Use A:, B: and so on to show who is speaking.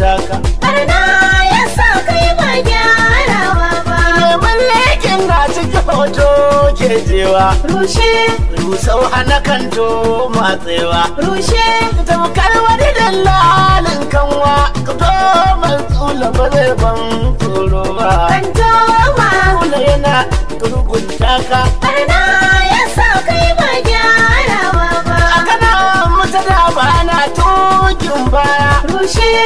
A: taka barna ya sa
B: kai ba gyarawa ba neman lekin ga cikin hoto ke jewa rushe rusau hana kanto matsewa rushe tamkar wani dallalin kanwa ka to matsula ba zai
C: ban tsoro ba kan to ma kula yana turgunta
D: barna ya sa kai ba gyarawa ba a kana mutana ba
E: na tukin baya rushe